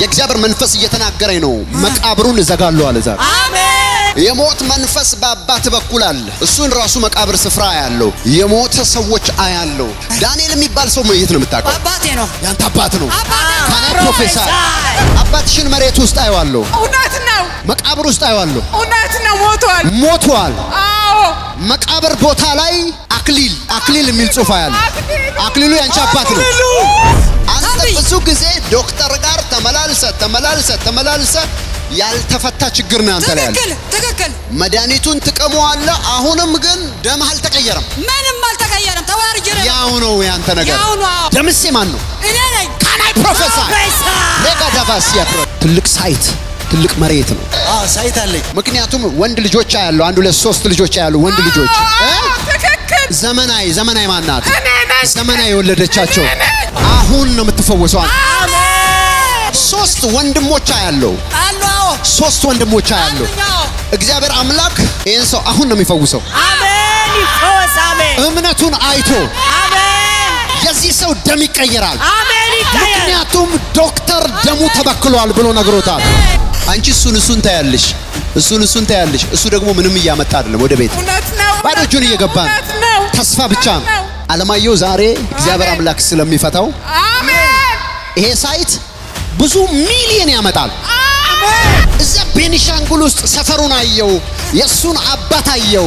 የእግዚአብሔር መንፈስ እየተናገረኝ ነው። መቃብሩን እዘጋለሁ አለ ዛሬ። የሞት መንፈስ በአባት በኩል አለ። እሱን ራሱ መቃብር ስፍራ ያለው የሞተ ሰዎች አያለው። ዳንኤል የሚባል ሰው የት ነው የምታውቀው? አባቴ ነው፣ ያንተ አባት ነው። ካና ፕሮፌሰር አባትሽን መሬት ውስጥ አየዋለሁ። እውነት ነው። መቃብር ውስጥ አየዋለሁ። እውነት ነው። ሞቷል፣ ሞቷል። አዎ፣ መቃብር ቦታ ላይ አክሊል አክሊል የሚል ጽሑፍ አያለሁ። አክሊሉ ያንቺ አባት ነው። ተመላልሰ ተመላልሰ ያልተፈታ ችግር ነው አንተ ላይ ያለ። ትክክል ትክክል። መድኃኒቱን ትቀመዋለህ። አሁንም ግን ደም አልተቀየረም፣ ምንም አልተቀየረም። ተዋርጀ ነው ያው ነው ያንተ ነገር ያው ነው። ደምሴ ማን ነው? እኔ ነኝ። ካናይ አይ ፕሮፌሰር ለጋዳቫስ ያትሮ ትልቅ ሳይት ትልቅ መሬት ነው። አዎ ሳይት አለኝ። ምክንያቱም ወንድ ልጆች ያለው አንድ ሁለት ሶስት ልጆች ያለው ወንድ ልጆች ዘመናይ ዘመናይ ማናት ዘመናይ የወለደቻቸው አሁን ነው የምትፈወሰው። ሶስት ወንድሞች አያለው። ሶስት ወንድሞች አያለው። እግዚአብሔር አምላክ ይህን ሰው አሁን ነው የሚፈውሰው። እምነቱን አይቶ የዚህ ሰው ደም ይቀየራል። ምክንያቱም ዶክተር ደሙ ተበክሏል ብሎ ነግሮታል። አንቺ እሱን እሱን ታያለሽ፣ እሱን እሱን ታያለሽ። እሱ ደግሞ ምንም እያመጣ አይደለም። ወደ ቤት ባዶ እጁን እየገባ ነው። ተስፋ ብቻ ነው። አለማየሁ ዛሬ እግዚአብሔር አምላክ ስለሚፈታው ይሄ ሳይት ብዙ ሚሊየን ያመጣል። እዛ ቤኒሻንጉል ውስጥ ሰፈሩን አየው፣ የእሱን አባት አየው፣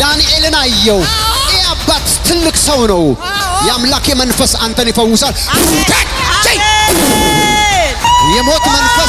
ዳንኤልን አየው። ይህ አባት ትልቅ ሰው ነው። የአምላክ መንፈስ አንተን ይፈውሳል። የሞት መንፈስ